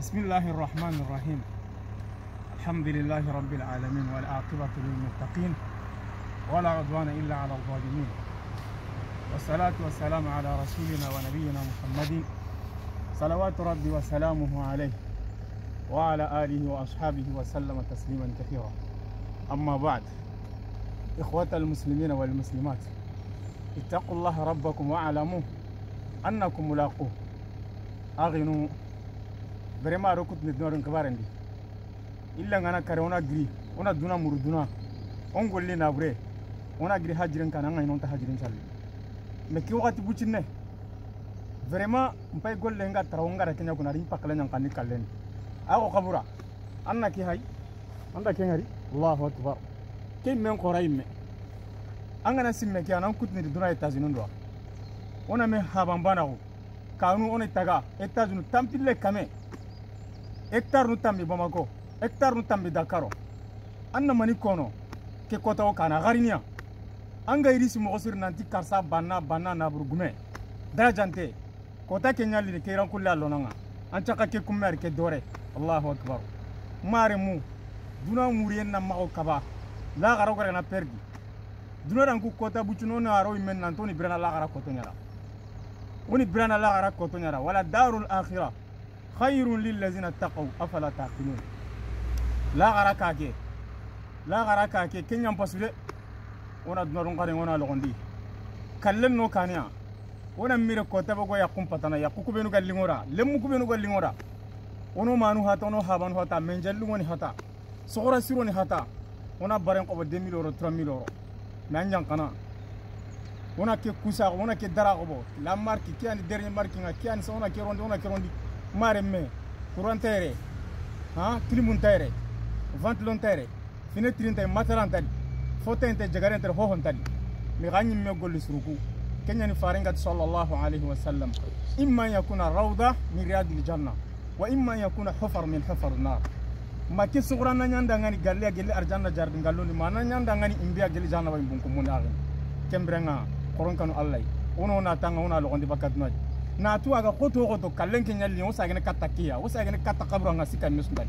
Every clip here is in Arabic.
بسم الله الرحمن الرحيم الحمد لله رب العالمين والعاقبة للمتقين ولا عدوان إلا على الظالمين والصلاة والسلام على رسولنا ونبينا محمد صلوات ربي وسلامه عليه وعلى آله وأصحابه وسلم تسليما كثيرا أما بعد إخوة المسلمين والمسلمات اتقوا الله ربكم واعلموا أنكم ملاقوه أغنوا vraiment a recruté dans le cabaret. Il a un carré, on a gris, on a duna murduna, on golle na vrai, on a gris hajirin kananga et non ta hajirin chali. Mais qui aura tibuchi ne? Vraiment, on paye golle nga traonga la kenya kunari pakalen yang kani kalen. Ako kabura, anna ki hai, anda kengari, Allahu Akbar. Kei men korai me. Angana simme ki anan kutni di duna Ona me habambana ko. Kanu ona taga etazinu tampille kame. hectare nu tambi bamako hectare nu tambi dakaro an na mani kɔnɔ ke kɔtawo kana hariniya an ga irisi mɔgɔ siri nanti karisa banna banna naburu gumɛ dajante kota ke ɲalini ke irankulle a lɔnɔ ga an caka ke kunmɛri ke dɔrɛ allahu akbar mare mu duna ŋuriyen na mago kaba lagara gara na perdi duna dan ku kota bucuno na aro imen nantoni birana lagara koto ɲara woni birana lagara koto ɲara wala darul akhira خير للذين اتقوا أفلا تعقلون لا غركاكي لا غركاكي كن ينبسل ونا دنورون قرن ونا لوندي كلن نو كانيا ونا ميرك كوتابو وقو يقوم بطنا يقوك بينو قال لنورا لمك بينو قال لنورا ونو مانو هاتا ونو هابان هاتا من جلوني هاتا صغرا سيروني هاتا ونا بارين قوبو 2000 ميلورو 3000 ميلورو nan yankana wona ke kusa wona ke dara ko bo la marque ki an dernier marque nga ki an sa wona ke rondi maremme courantere ha tilimuntere ventilontere finetirinte matarantali fotente jagarente hohontali mi me golli suruku ni faringa sallallahu alaihi wasallam imma yakuna rawda min riyadil janna wa imma yakuna hufar min hufar nar ma ke nyanda ngani galle a arjanna jardi mana nyanda imbi imbiya gelli janna im bunku munal kembrenga koronkanu na allay uno na tanga ndi bakat noji ناتو اغا قوتو غدو كالنكين يلي وساقنا كاتا كيا وساقنا كاتا قبرو انغا سيكا مسمد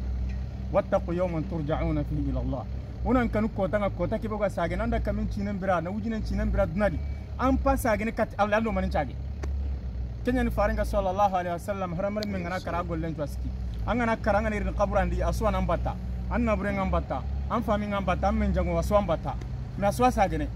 واتقو يوم ان ترجعون فيه الى الله ونان كانو كوتا انغا كوتا كي بوغا ساقنا اندا كمين چينن برا نوجينن چينن برا دنالي انبا ساقنا كاتا اولا اللو منن چاقي كن يعني فارنغا صلى الله عليه وسلم هرمر من انغا كرا اقول لنجو اسكي انغا نكرا انغا نيرن قبرو اندي اسوان انبتا انا برين انبتا انفامين انبتا امين جنغو اسوان بتا ما اسوا ساقنا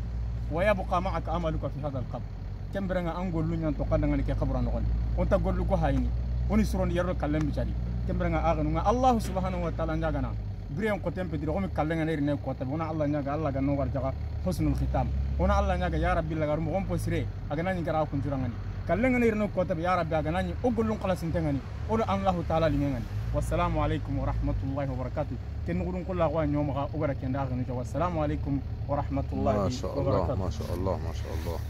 ويبقى معك عملك في هذا القبر kembere nga gollu ñan to kadanga ne ke kabura no onta gollu ko hayni oni suron bicari kemberenga aganu nga allah subhanahu wa ta'ala njagana biren ko tempe dir ko mi kallenga ne ko ona allah nyaga allah ga no jaga husnul khitam ona allah nyaga ya rabbi la garum on posire aga nani ngara ngani jurangani kallenga ne rine ko tabe ya rabbi aga nani kala sintengani odo allah ta'ala lingengani Wassalamu alaikum warahmatullahi wabarakatuh, وبركاته تنقولون كل أغوان يوم غا أغرى كنداغن والسلام عليكم ورحمة الله, ما شاء الله وبركاته ما Allah.